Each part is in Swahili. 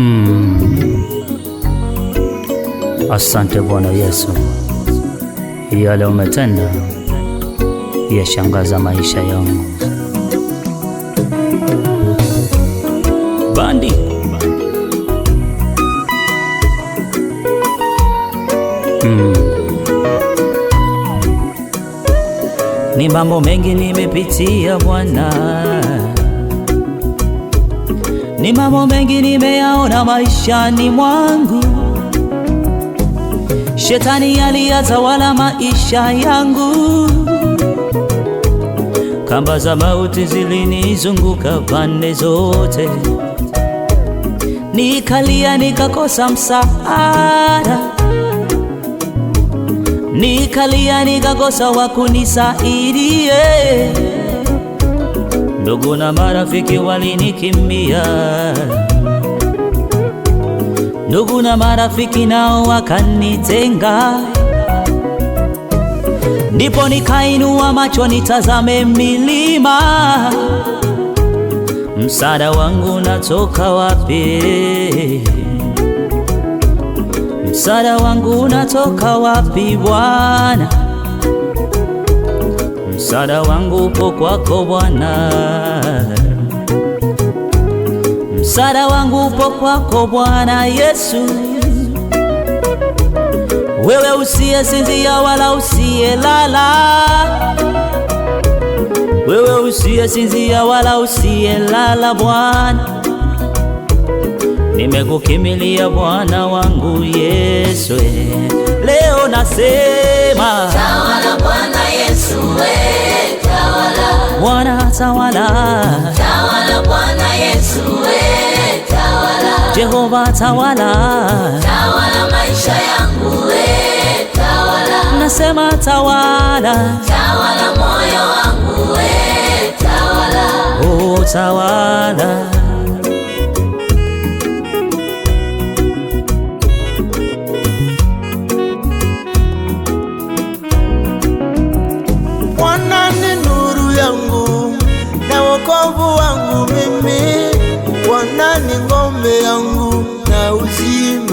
Hmm. Asante Bwana Yesu, yale umetenda yashangaza maisha yangu. Bandi hmm. Ni mambo mengi nimepitia Bwana ni mambo mengi nimeyaona maishani mwangu, shetani aliyatawala maisha yangu, kamba za mauti zilinizunguka pande zote, nikalia nikakosa msaada, nikalia nikakosa wakunisaidia ndugu na marafiki walinikimbia, ndugu na marafiki nao wakanitenga. Ndipo nikainua macho nitazame milima, msaada wangu natoka wapi? Msaada wangu natoka wapi Bwana? msaada wangu upo kwako Bwana, msaada wangu upo kwako Bwana Yesu, wewe usiye usiyesinzia wala usiye lala, wewe usiye usiyesinzia wala usiye lala Bwana, nimekukimilia Bwana wangu Yesu, leo nasema tawala, tawala Bwana Yesu we, tawala Jehova tawala, tawala maisha yangu we, tawala nasema tawala, tawala moyo wangu we, tawala oh, tawala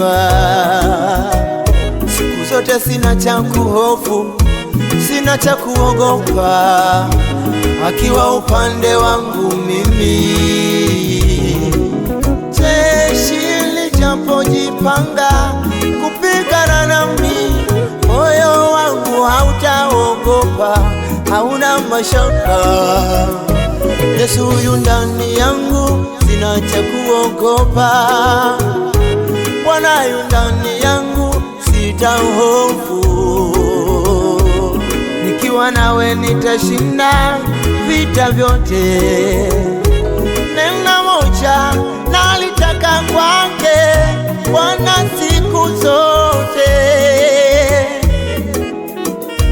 kuelewa. Siku zote sina cha kuhofu, sina cha kuogopa, akiwa upande wangu mimi. Jeshi lijapojipanga kupigana nami, moyo wangu hautaogopa, hauna mashaka. Yesu yu ndani yangu, sina cha kuogopa. Bwana yu ndani yangu sitahofu, nikiwa nawe nitashinda vita vyote. Neno moja nalitaka kwake Bwana siku zote,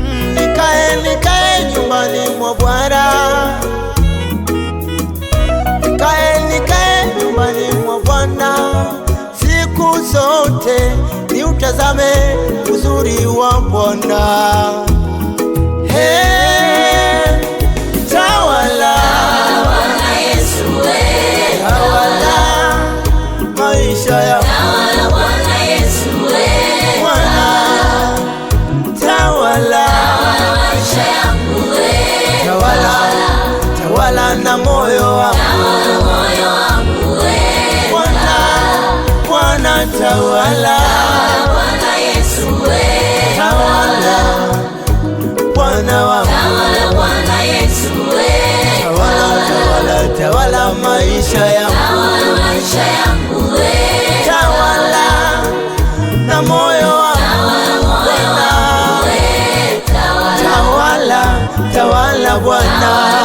mm, nikae nikae nyumbani mwa Bwana zote, ni utazame uzuri wa Bwana. tawala, tawala Yesu, tawala maisha ya tawala na moyo wangu tawala, tawala Yesu we, tawala Bwana wangu, tawala Bwana Yesu we, tawala tawala tawala maisha yangu, tawala maisha yangu we, tawala na moyo wangu, tawala tawala tawala Bwana